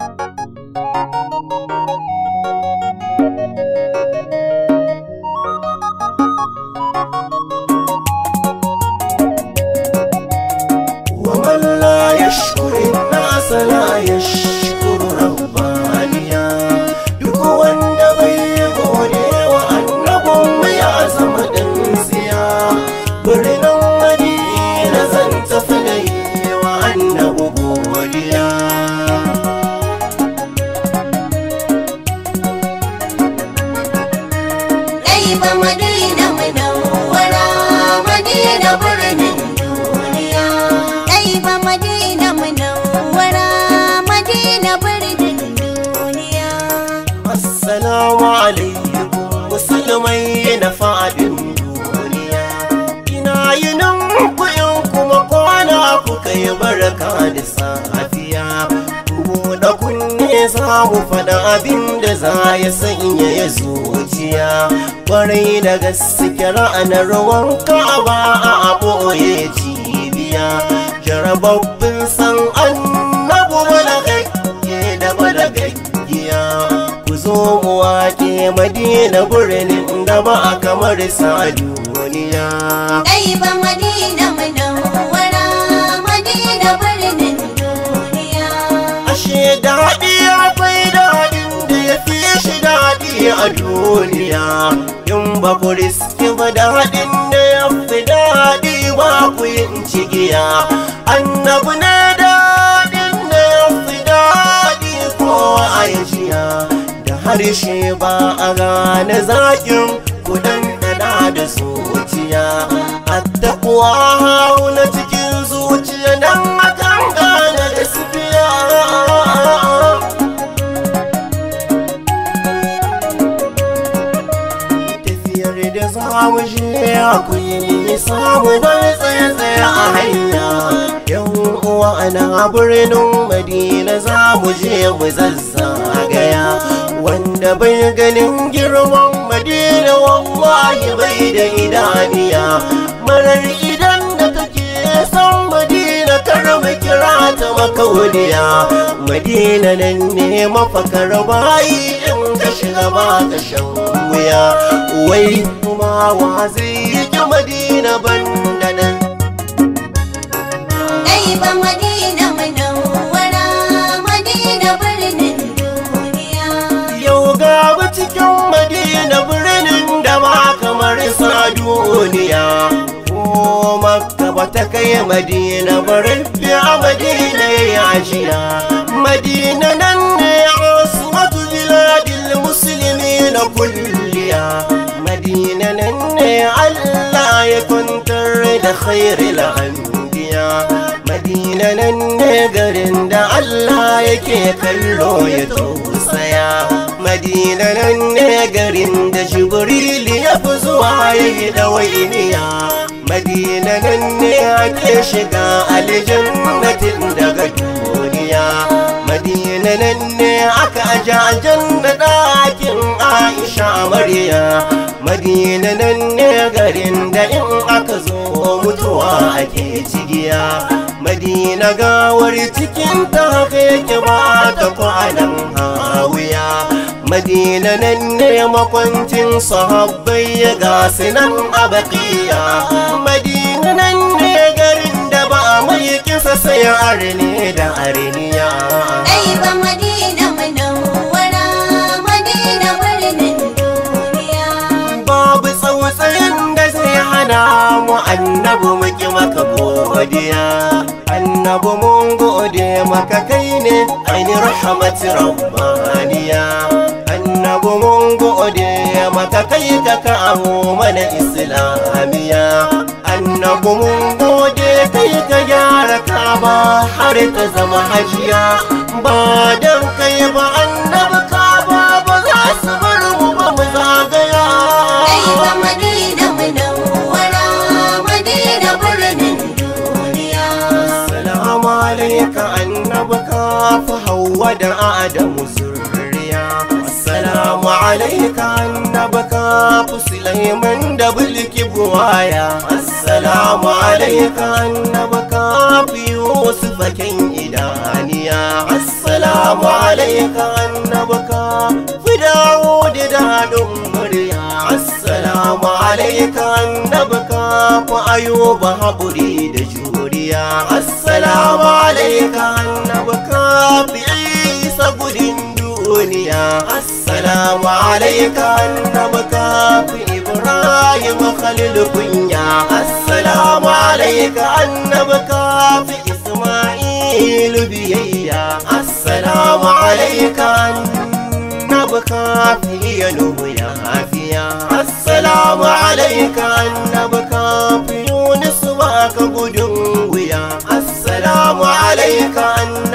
Thank you. ali musulmai na faɗin duniya ina yi nan kuyan kuma kwana kuka yi baraka da safiya da kunne za mu faɗa abin da za ya sanya ya zuciya Ƙwarai da gaske ra'anar wanka ba a aboye cibiya jarababbin san an ake madina birnin da ba a kamar sa duniya. ba madina da ya fi shi daɗi a duniya. In ba ku ba daɗin da ya fi daɗi ba ku yin cigiya. Annabu ne bushe ba a gane zaƙin kudin dana da zuciya A attakuwa hau na cikin zuciya don akan gane sufiya tafiyar da zamu je akwai samu don tsaye-tsaye a hanya yan uwa na birnin madina za mu je mu zazza wanda bai ganin girman madina wallahi bai da idaniya marar idan da kake san madina karma kira ta makauniya madina nan ne mafakar bayi in ka shiga ba ka shan wuya wai kuma wa zai yi madina ban duniya ko makka ba ta kai madina ba rufe a madina ya yi ajiya madina nan ne ya wasu biladil musulmi na kulliya madina nan ne allah ya kwantar da khairi la'andiya madina nan ne garin da allah yake kallo ya tausaya madina nan ne garin da jibrili ya fi zuwa ya yi ɗawainiya madina nan ne ake shiga aljannatin daga duniya madina nan ne aka aje aljanna ɗakin aisha marya madina nan ne garin da in aka zo mutuwa ake cigiya madina gawar cikin ta haka yake ba ta kwana nan ne makwancin sahabbai ya gasu nan a baƙiya madina nan ne garin da ba a mai kisa sai arne da arniya babu da zai hana mu annabi maka godiya annabi mun gode maka kai ne ainihin rahmat rabbaniya maka kai ka kawo mana islamiya annabu mun gode kai ka gyara kaba har ka zama hajiya ba dan kai ba annabu kaba ba za su bar mu ba mu zagaya Salamu alaika annabi ka fi hawa da adamu su alaika annabaka fusilaiman da bulki buwaya assalamu alaika annabaka fi idaniya assalamu alaika annabaka fi dawo da hadin murya assalamu alaika annabaka fi ayuba haburi da juriya assalamu alaika annabaka fi isa guri الدنيا السلام عليك النبك إبراهيم خليل كنيا السلام عليك النبك إسماعيل بييا السلام عليك النبك في نبيا عافيا السلام عليك النبك في يونس باك قدويا السلام عليك النبك